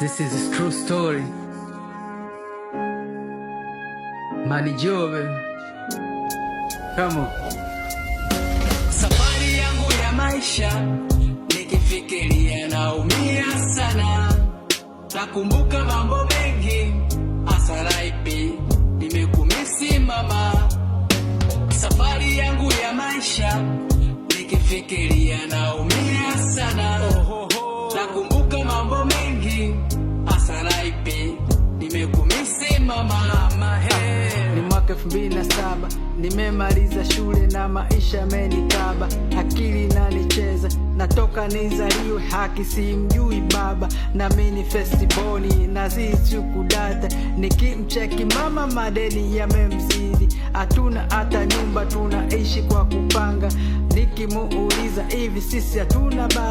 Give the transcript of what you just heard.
This is a true story. Mani Jove. Come on. Safari yangu ya maisha nikifikiria naumia sana, nakumbuka mambo mengi, asaraipi ipi nimekumisi mama. Safari yangu ya maisha nikifikiria na mpenzi, hasa ni mwaka elfu mbili na saba nimemaliza shule na maisha menikaba akili nanicheza natoka nizaliwe, haki simjui baba, na mini festivoni na zisukudata nikimcheki mama madeni yamemzidi, hatuna hata nyumba, tunaishi kwa kupanga, nikimuuliza hivi sisi hatuna baba